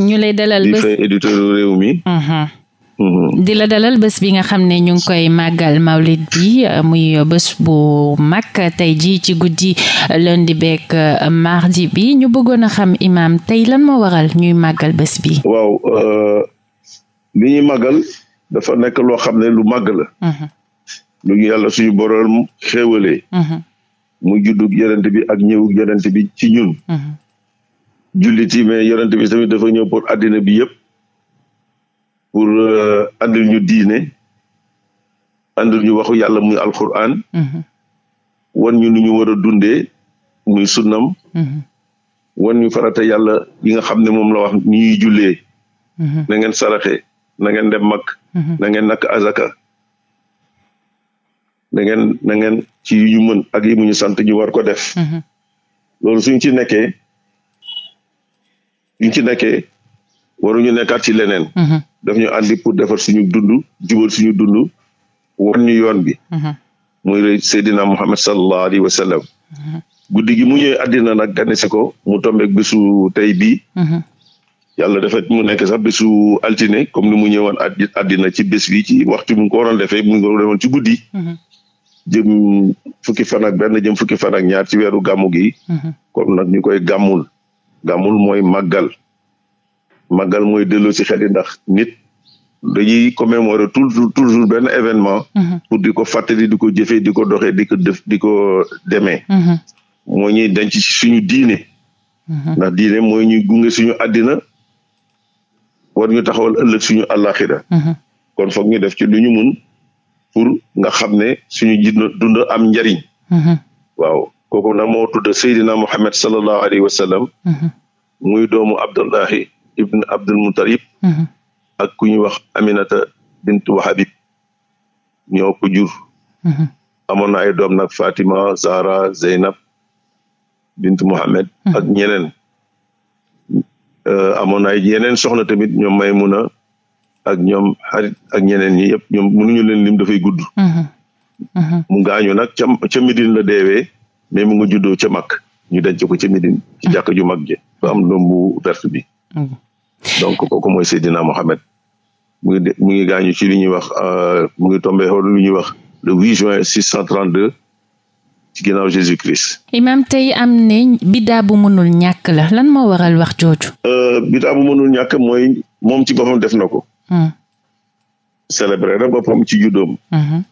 ñu lay dalal bés uh-huh. mm-hmm. di la dalal bés bi nga xam ne ñu ngi koy màggal mawlid bi uh, muy bés bu mag tey jii ci guddi uh, di beeg uh, mardi bi ñu bëggoon a xam imam tey lan moo waral ñuy màggal bés bi waaw li ñuy màggal dafa nekk loo xam ne lu màgg la uh-huh. lu ñu yàlla suñu boroom xéewalee uh-huh. mu juddug yonent bi ak ñëwug yonent bi ci ñun jullit yi mais yonent bi tamit dafa ñëw pour àddina bi yëpp pour àndil euh, ñu diine àndil ñu waxu yàlla muy alquran mhm. wan ñu nu ñu war a dundee muy sunnam mhm. wan ñu farata yàlla yi nga xam ne moom la wax ni ñuy jullee mhm. na ngeen saraxe na ngeen dem mag na ngeen nakk azaka na ngeen ci yu ñu ak yi mu ñu sant ñu war ko def loolu suñ ci nekkee ñu ci nekkee waruñu nekkaat ci leneen. Mhm. daf ñu andi pour defar suñu dund jubal suñu dund wan ñu yoon bi. Mhm. muy Seydina Muhammad sallallahu alayhi wa sallam. Mhm. guddi gi mu ñëwee àddina nag ganesi ko mu tombeek bésu tey bii. yàlla dafa mu nekk sax bésu altine comme ni mu ñëwoon àddina ci bis bi ci waxtu mu ko waroon defee mu ngi ko ci guddi. jëm fukki fan ak benn jëm fukki fan ak ñaar ci weeru gàmmu gi. nag ñu koy gàmmul. gàmmul mooy màggal màggal mooy delloo ci xel yi ndax nit dañuy commémorer toujours toujours benn événement mhm. pour di ko fàttali di ko jëfee di ko doxee di ko def di ko demee mhm. moo denc ci suñu diine mhm. ndax diine mooy ñuy gunge suñu àddina war ñu taxawal ëllëg suñu àllaaxira kon foog ñu def ci lu ñu mun pour nga xam ne suñu ji dund am njariñ waaw kooku nag moo tudd Seydina Muhammad sallallahu alayhi wa mhm. muy doomu Abdullahi ibn Abdul Muttalib mhm. ak ku ñuy wax Aminata bint Wahabib ñoo ko jur mhm. amoon doom nag Fatima Zahra Zeynab bint Muhammad ak ñeneen euh, amoon na ay yeneen soxna tamit ñoom Maymuna ak ñoom xarit ak ñeneen ñi yëpp ñoom mënuñu leen lim dafay gudd mu gaañu nag ca ca Medine la deewee mais mu nga juddoo ca mag ñu denc ko ca Médine ci jàkk ju mag ji ba am doom bu verte bi mm-hmm. donc kooku mooy Seydina Mohamed mu ngi gaañu ci li ñuy wax euh, mu ngi tombé lu ñuy wax le 8 juin 632 ci ginnaaw Jésus Christ. imam te am ne biddaa bu mënul ñàkk la lan moo waral wax jooju. Euh, biddaa bu mënul ñàkk mooy moom ci boppam def na ko. Mm. célébré na boppam ci juddoom. Mm-hmm.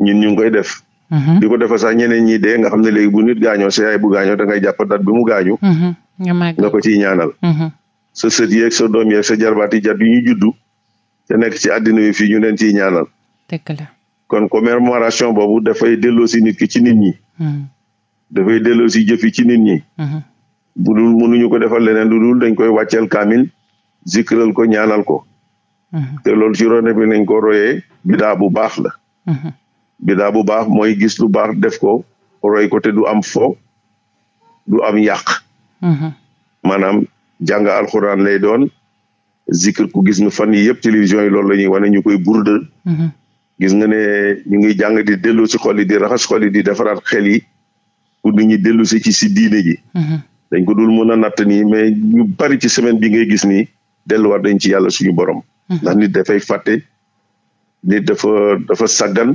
ñun ñu ngi koy def. Mm-hmm. di ko defee sax ñeneen ñi dee nga xam ne léegi bu nit gaañoo sa yaay bu gaañoo da ngay jàpp date bi mu gaañu. Mm-hmm. nga ko ciy ñaanal. Mm-hmm. sa sët yeeg sa doom yeeg sa jarbaat yi jat ñu juddu te nekk ci àddina bi fii ñu ci ciy ñaanal. dëgg la kon commémoration boobu dafay delloo si nit ki ci nit ñi. dafay delloo si jëf yi ci nit ñi. bu dul mënuñu ko defal leneen lu dul dañ koy wàcceel kaamil zikral ko ñaanal ko. te loolu ci rone bi nañ ko royee bidaa bu baax la. bidaa bu baax mooy gis lu baax def ko roy ko te du am fo du am yàq mm-hmm. maanaam jàng alxuraan lay doon zikr ku gis nga fan yi yëpp télévision yi loolu la ñuy wane ñu koy burde mm-hmm. gis nga ne ñu ngi jàng di dellu si xol yi di raxas xol yi di defaraat xel yi pour nit ñi dellu si ci si diine ji mm-hmm. dañ ko dul mën a natt nii mais ñu bari ci semaine bi ngay gis nii delluwaat dañ ci yàlla suñu borom ndax nit dafay fàtte nit dafa dafa sàggan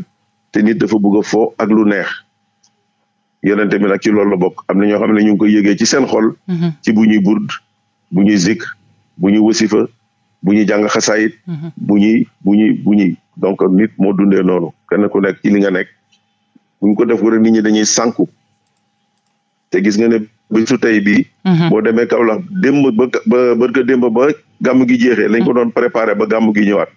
te nit dafa bëgg a fo ak lu neex yonente bi nag ci loolu la bokk am na ñoo xam ne ñu ngi koy yëgee ci seen xol. Mm-hmm. ci bu ñuy burd bu ñuy zik bu ñuy wasifa bu ñuy jàng xasaayit. Mm-hmm. bu ñuy bu ñuy bu donc nit moo dundee noonu kenn ku nekk ci nga nekk bu ko def rek nit ñi dañuy sànku te gis nga ne bisu tey bii. Mm-hmm. boo demee Kaolack démb ba ba bërka démb ba gàmm gi jeexee. lañ ko doon préparé ba gàmm gi ñëwaat.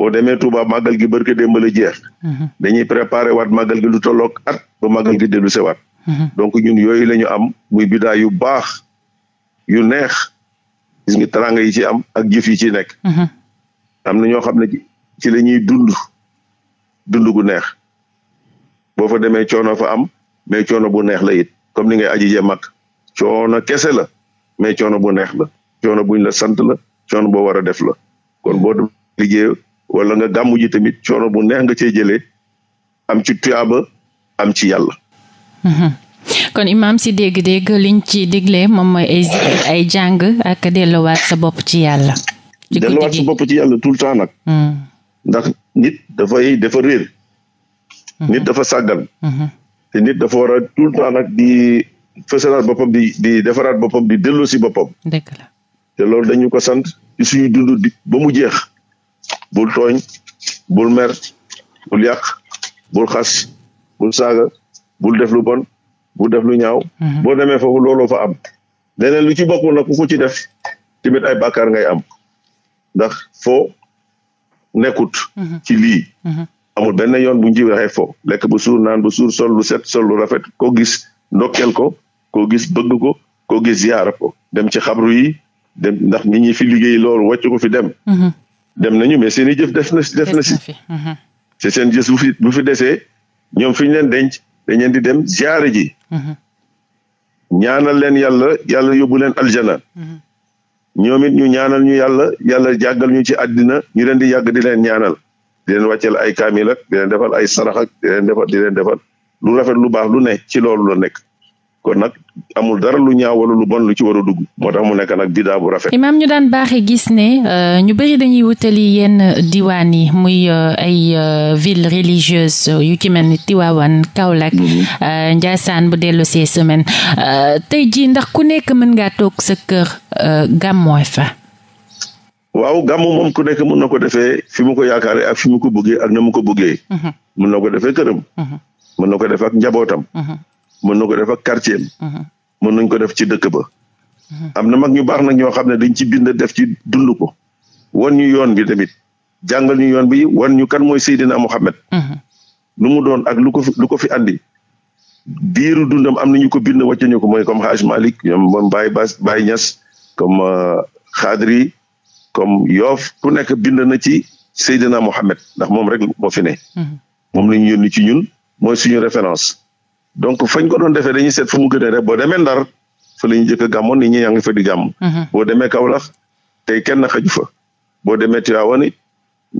boo demee Touba màggal gi barke démb la jeex. Mhm. dañuy préparer waat màggal gi lu tolloog at ba màggal gi dellu sewaat. Mhm. donc ñun yooyu lañu ñu am muy bidaa yu baax yu neex gis nga yi ci am ak jëf yi ci nekk. Mhm. am na ñoo xam ne ci la ñuy dund dund gu neex boo fa demee coono fa am mais coono bu neex la it comme ni ngay aji je mag coono kese la mais coono bu neex la coono buñ la sant la coono boo war a def la kon boo liggéey wala nga gàmmu ji tamit coono bu neex nga cee jëlee am ci tuyaaba am ci yàlla. Mhm. kon imaam si dégg-dégg liñ ci digle moom mooy ay ay jàng ak delluwaat sa bopp ci yàlla. delluwaat sa bopp ci yàlla tout le temps nag. Mm. ndax nit dafay dafa réer. Mhm. nit dafa sàggan. Mhm. te nit dafa war a tout di fësalaat boppam di defaraat boppam di delloo si boppam. dëgg la te loolu dañu ko ba mu jeex. bul tooñ bul mer bul yàq bul xas bul saaga bul def lu bon bul def lu ñaaw. Mhm. boo demee foofu looloo fa am. leneen lu ci bokkul nag ku ko ci def tamit ay bàkkaar ngay am ndax foo nekkut. Mhm. ci lii. Mhm. amul benn yoon bu ñu ci waxee foo lekk bu suur naan bu suur sol lu set sol lu rafet koo gis ndokkeel ko koo gis bëgg ko koo gis yaara ko dem ci xabru yi dem ndax nit fi liggéey loolu wàcc fi dem. dem nañu mais seen i jëf def na def na si si mhm. seen jëf bu fi bu fi desee ñoom fiñ leen denc dañ leen di dem ziyaare ji mhm. ñaanal leen yàlla yàlla yóbbu leen aljana mhm. ñoom it ñu ñaanal ñu yàlla yàlla jàggal ñu ci àddina ñu leen di yàgg di leen ñaanal di leen wàcceel ay kaamil ak di leen defal ay sarax ak di leen defal di leen defal lu rafet lu baax lu ne ci loolu loo nekk kon nag amul dara lu ñaaw lu bon lu ci war a dugg moo tax mu nekk nag didaa bu rafet. imaam ñu daan baaxee gis ne euh, ñu bari dañuy wutali yenn diwaan yi muy euh, ay euh, ville religieuse yu ci mel ni Tiwaawan Kaolack mhm. Njaasaan bu dellu see semaine tey jii ndax ku nekk mën ngaa toog sa kër gàmmooy fa. waaw gàmmu moom ku nekk mën na ko defee fi mu ko yaakaaree ak fi mu ko bëggee ak na mu ko bëggee. mën ko defee këram. mën na ko defee mhm. ak njabootam. Mhm. mën na ko def ak quartier am mhm. mën nañ ko def ci dëkk ba mhm. am na mag ñu baax na ñoo xam ne dañ ci bind def ci dund ko wan ñu yoon bi tamit jàngal ñu yoon bi wan ñu kan mooy Seydina Mohamed mhm. lu mu doon ak lu ko fi lu ko fi andi diiru dundam am na ñu ko bind wàcce ñu ko mooy comme Haj Malik ñoom moom Baye Bass Baye Niass comme euh, Khadri comme Yoff ku nekk bind na ci Seydina Mohamed ndax moom rek moo ne moom la ñu yónni ci ñun mooy suñu référence donc fañ ko doon defee dañuy seet fu mu gën a rek boo demee Ndar fa la ñu jëkk a gàmmoon nit ñi yaa ngi fa di gàmm. Mhm. boo demee Kaolack tey kenn xaju fa boo demee Tivaouane it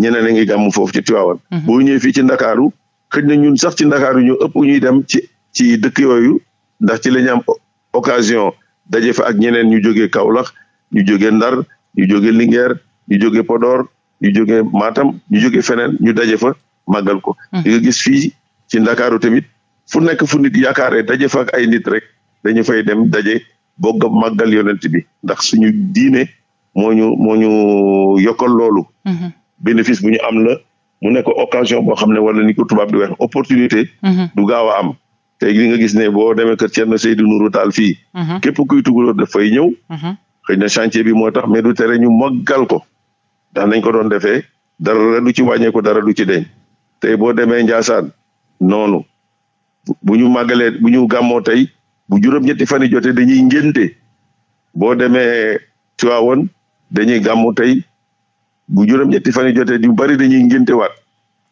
ñeneen a ngi gàmm foofu ci Tivaouane. Mhm. boo ñëwee fii ci Ndakaaru xëj na ñun sax ci Ndakaaru ñu ëpp ñuy dem ci ci dëkk yooyu ndax ci le ñu am daje fa ak ñeneen ñu jógee Kaolack ñu jógee Ndar ñu jógee Linguère ñu jógee Podor ñu jógee Matam ñu jógee feneen ñu daje fa màggal ko. Mhm. di gis fii ci Ndakaaru tamit. fu nekk fu nit yaakaaree daje fa ak nit rek dañu fay dem daje bogg màggal yonent bi ndax suñu diine moo ñu moo ñu yokkal loolu. Mhm. bénéfice bu ñu am la mu nekk occasion boo xam ne wala ni ko tubaab di wax opportunité. Mhm. du gaaw am. te li nga gis ne boo demee kër Thierno Seydou Nourou Tall fii. Mhm. képp kuy tugaloo dafay ñëw. xëy na chantier bi moo tax mais du tere ñu màggal ko ndax nañ ko doon defee dara du ci wàññeeku dara du ci deñ te boo demee Ndiassane noonu bu ñu màggalee bu ñu gàmmoo tey bu juróom-ñetti fan yi jotee dañuy ngénte boo demee Tiwaawoon dañuy gàmmu tey bu juróom-ñetti fan yi bari dañuy ngénte waat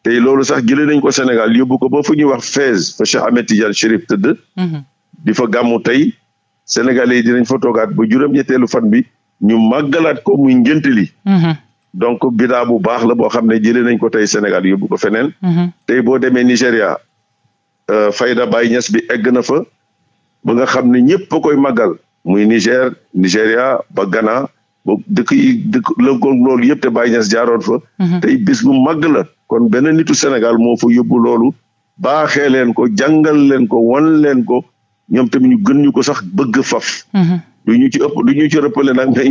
loolu sax jëlee nañ ko Sénégal yóbbu ko ba fu ñuy wax Fès fa Cheikh Ahmed Tidiane Chérif tëdd. Mhm. di fa gàmmu tey Sénégalais yi dinañ fo toogaat ba juróom-ñetteelu fan bi ñu màggalaat ko mu ngénte li. Mhm. donc bidaa bu baax la boo xam ne jëlee nañ ko tey Sénégal yóbbu ko feneen. Mhm. tey boo demee Nigéria Euh, fayda bay ñas bi egg na fa ba nga xam ne ñëpp a koy màggal muy Niger Nigeria ba Ghana ba dëkk yi dëkk lëkkoon loolu yëpp te bay Niass jaaroon fa mhm. tey bis bu màgg la kon benn nitu Sénégal moo fa yóbbu loolu baaxee leen ko jàngal leen ko wan leen ko ñoom tamit ñu gën ñu ko sax bëgg faf du mhm. ñu ci ëpp du ñu ci rëppale nag mais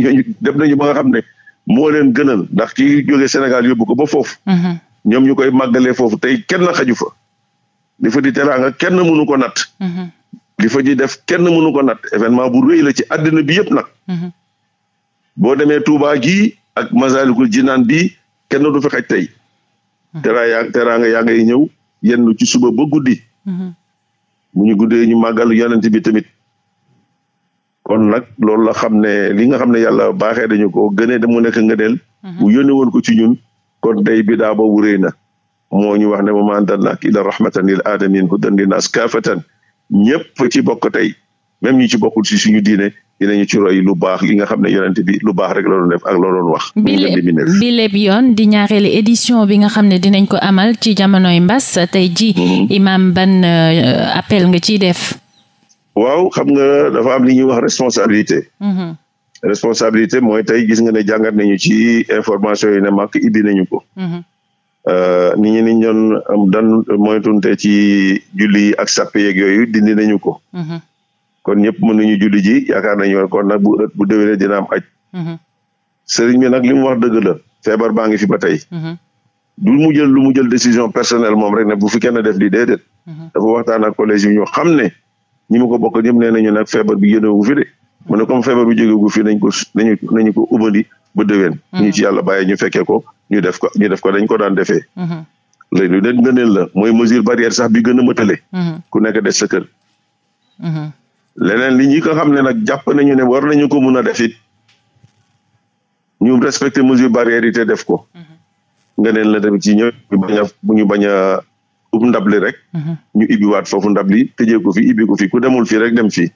ñooñu ba nga xam ne moo leen gënal ndax ki jógee Sénégal yóbbu ko ba foofu mhm. ñoom ñu koy màggalee foofu tey kenn xaju fa li fa di teraanga kenn mënu ko natt. li mm-hmm. fa def kenn mënu ko natt événement bu rëy la ci addina bi yëpp nag. Mm-hmm. boo demee tuuba gii ak Masalikul Jinaan bi kenn du fi xaj tey. Mm-hmm. teraanga teraanga yaa ngay ñëw yenn ci suba bo guddi. bu ñu guddee ñu màggal yonent bi tamit. kon nag loolu la xam ne li nga xam ne yàlla baaxee dañu ko gënee da mu nekk nga del ko ci ñun kon day bidaa boobu rëy na moo ñu wax ne wa ma anzalnaaka illa rahmatan lil aalamin hudan linnaas kaafatan ñëpp ci bokk tey même ñi ci bokkul ci suñu diine dinañu ci roy lu baax nga xam ne yonent bi lu baax rek la doon def ak la doon wax. bi yoon di ñaareelu édition bi nga xam ne dinañ ko amal ci jamonoy mbas tey ji mm-hmm. imam ban euh, appel nga ci def. waaw xam nga dafa am li ñuy wax responsabilité. Mm-hmm. responsabilité mooy tey gis nga ne jàngat nañu ci information yi ne màkk ibbi nañu ko. Mm-hmm. Euh, nit ñi niñ doon euh, dan moytunte ci julli ak sàppe yeeg yooyu dindi nañu ko mm-hmm. kon ñëpp mën nañu julli ji yaakaar nañu kon nag bu bu déwénee dina am aj mm-hmm. sëriñ bi nag li mu wax dëgg la feebar baa ngi fi ba tey mm-hmm. du mu jël lu mu jël décision personnelle moom rek ne bu fi kenn def lii déedéet dafa waxtaan ak collège yi ñu xam ne ñi ko bokk ñëpp nee nañu nag feebar bi yénewu fi de mu ne comme feebar bu jógegu fii nañ ko nañu nañu ko ubandi ba déwén hmm. ñu ci yàlla bàyyi ñu fekkee ko ñu def ko ñu def ko dañ ko daan defee hmm. léegi lu leen ngëneel la mooy mesure barrière sax bi gën a mëtale hmm. ku nekk des sa kër leneen li ñi ko xam ne nag jàpp nañu ne war nañu ko mun a def ñu respecté mesure barrière yi te def ko ngëneel la tamit ci ñëw ñu bañ ñu bañ a ub ndab li rek ñu ibbiwaat foofu ndab li tëjee ko fi ibbi ko fi ku demul fii rek dem fii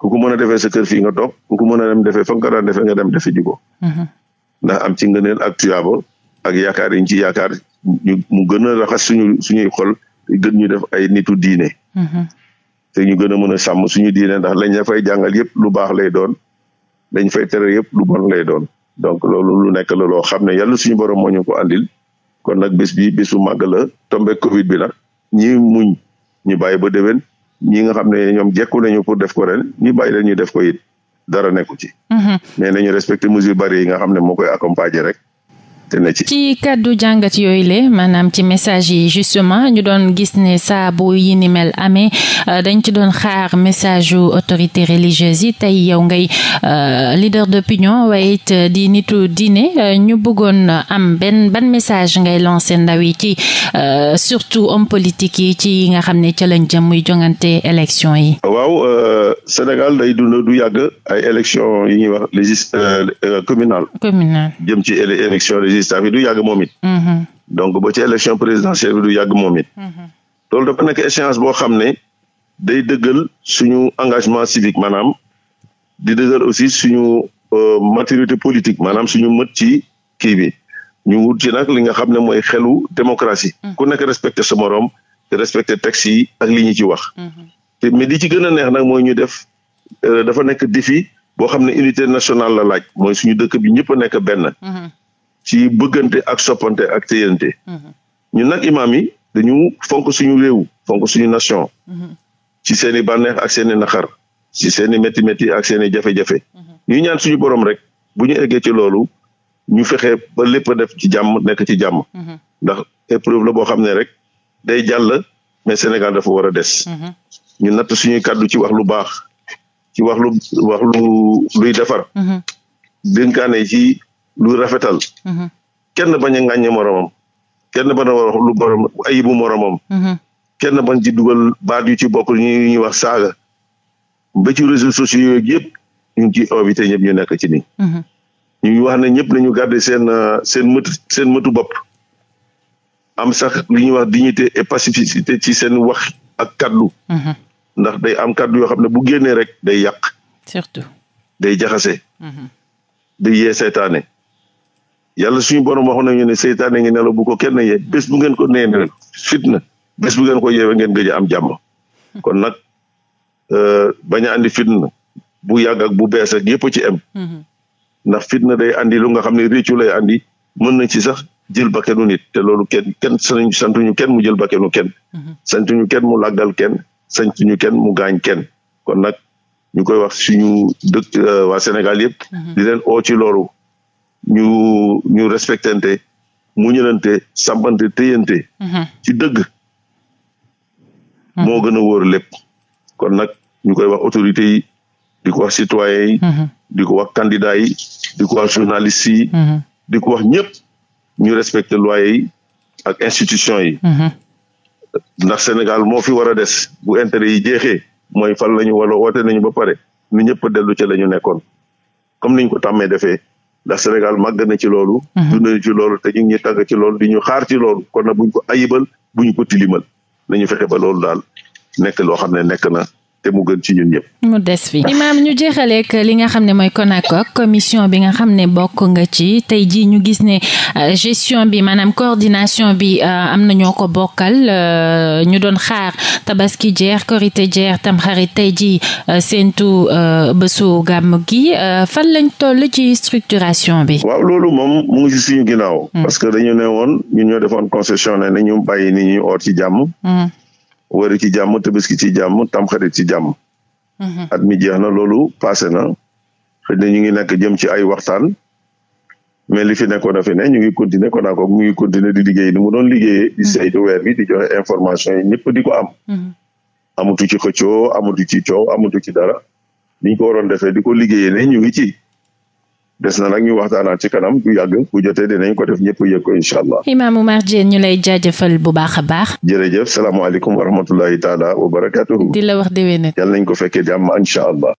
ku ko mën a defee sa kër fii nga toog ku ko mën a dem defee fa nga ko daan defee nga dem defe ji ko mm-hmm. ndax am ci ngëneel ak tuyaaba ak yaakaar yi ci yaakaar ñu mu gën a raxas suñu suñuy xol gën ñu def ay nitu diine mm-hmm. te ñu gën a mën a sàmm suñu diine ndax lañ la fay jàngal yëpp lu baax lay doon lañ fay tere yëpp lu bon lay doon donc loolu lu nekk la loo xam ne yàlla suñu borom moñu ñu ko andil kon nag bis bi bisu màgg la tombe covid bi na ñi muñ ñu bàyyi ba déwén ñi nga xam ne ñoom jekku nañu pour def ko ren ñu bàyyi leen ñu def koy it dara nekku ci. Mm-hmm. mais nañu respecté mesure barrière yi nga xam ne moo koy accompagner rek. ci. kàddu jàngat yooyu le maanaam ci message yi justement ñu doon gis ne saa bu yi ni mel amee euh, dañ ci doon xaar message yu autorité religieuse yi tey yow ngay euh, leader d'opinion waaye it euh, di nitu dine ñu bëggoon am benn ban message ngay lancé ndaw yi ci surtout homme politique yi ci yi nga xam ne ca lañ jëm muy jongante élection yi. Sénégal day dund du yàgg ay élection yi ñuy wax légis communale euh, euh, communale jëm ci élection législative du yàgg moom it mm-hmm. donc ba ci élection présidentielle bi du yàgg moom it mm-hmm. loolu dafa nekk échéance boo xam ne day dëggal suñu engagement civique maanaam di dëggal aussi suñu euh, maturité politique maanaam suñu mët ci kii bi ñu wut ci nag li nga xam ne mooy xelu démocratie mm-hmm. ku nekk respecté sa morom te respecté yi ak li ñu ci wax te mais li ci gën a neex nag mooy ñu def euh, dafa nekk défi boo xam ne unité national la laaj mooy suñu dëkk bi ñëpp nekk benn. Mm-hmm. ci bëggante ak soppante ak téyante. Mm-hmm. ñun nag imaam yi dañu fonk suñu réew fonk suñu nation. Mm-hmm. ci seen i bànneex ak seen i naxar ci seen i métti métti ak seen i jafe-jafe. ñu ñaan suñu borom rek bu ñu eggee ci loolu ñu fexe ba lépp def ci jàmm nekk ci jàmm. ndax épreuve la boo xam ne rek day jàll mais Sénégal dafa war a des. ñu natt suñuy kàddu ci wax lu baax ci wax lu wax lu luy defar. Mm-hmm. dénkaane ci lu rafetal. Mm-hmm. kenn bañ a ŋàññe moromam kenn bañ a wax lu borom ayibu moromam. Mm-hmm. kenn bañ ci dugal baat ci bokkul ñu ñuy wax saaga ba ci réseaux sociaux yooyu yëpp ñu ngi ñëpp ñu nekk ci nii. ñu wax ne ñëpp nañu garder seen seen mët seen mëtu bopp am sax li ñu wax dignité et pacificité ci seen wax ak kaddu. ndax day am kàddu yoo xam ne bu génnee rek day yàq. surtout day jaxase. Mm-hmm. day yee seytaane yàlla suñu borom wax nañu ne seytaane ngi nelaw bu ko kenn yee bes bu ngeen ko nee ne fitna bés bu ngeen ko yeewee ngeen gëj a am jàmm. Mm-hmm. kon nag euh, bañ a andi fitna bu yàgg bu bees ak yëpp ci am. Mm-hmm. ndax fitna day andi lu nga xam ne réccu lay andi mën nañ ci sax jël bakkanu te loolu kenn kenn santuñu kenn mu jël bakkanu kenn. santuñu kenn mu dal kenn. tuñu kenn mu gaañ kenn kon nag ñu koy wax suñu dëkk euh, waa Sénégal yëpp. Mhm. di leen ci loolu ñu ñu respectante muñalante sàmbante téyante. Mhm. ci dëgg. Mhm. moo gën a wóor lépp kon nag ñu koy wax autorité yi di ko wax citoyen yi. di wax candidat yi di wax journaliste yi. di ko wax ñëpp ñu respecté loi yi ak institution yi. ndax Sénégal moo fi war a des bu intérêt yi jeexee mooy fal nañu wala woote nañu ba pare nu ñëpp delu ca la ñu nekkoon comme niñ ko tàmmee defee ndax Sénégal màgg na ci loolu. Mhm. dund ci loolu te ñu ngi ñuy tàgg ci loolu di ñu xaar ci loolu kon na buñ ko ayibal buñ ko tilimal nañu fexe ba loolu daal nekk loo xam ne nekk na te mu gën ci ñun ñëpp. mu des fi imaam ñu jeexaleek li nga xam ne mooy CONACOC commission bi nga xam ne bokk nga ci tey jii ñu gis ne euh, gestion bi maanaam coordination bi euh, am na ñoo ko bokkal euh, ñu doon xaar tabaski jeex korite jeex tamxarit tey jii seentu bésu gàmm gi fan lañ toll ci structuration bi. waaw loolu moom mu ngi ci suñu ginnaaw. Mm. parce que dañu ne woon ñun ñoo defoon concession ne ñu bàyyi ni ñuy oor ci jàmm. Mm. wari ci jàmm tabaski ci jàmm tamxarit ci jàmm. Mhm. at mi jeex na loolu passé na xëy na ñu ngi nekk jëm ci ay waxtaan mais li fi nekkoon a fi ne ñu ngi continuer kon ko mu ngi di liggéey ni mu doon liggéeyee. di mhm. saytu weer bi di joxe information yi ñëpp di ko am. Mhm. amatu ci xëccoo amatu ci coow amatu ci dara ni ko waroon defee di ko liggéeyee ne ñu ci. des na nag ñu waxtaanaat ci kanam bu yàgg jote jotee nañ ko def ñëpp yëg ko incha allah. Imam Oumar Diène ñu lay jaajëfal bu baax a baax. jërëjëf salaamaaleykum wa rahmatullahi taala wa barakaatuhu. di la wax déwénal. yàlla nañ ko fekkee jàmm incha allah.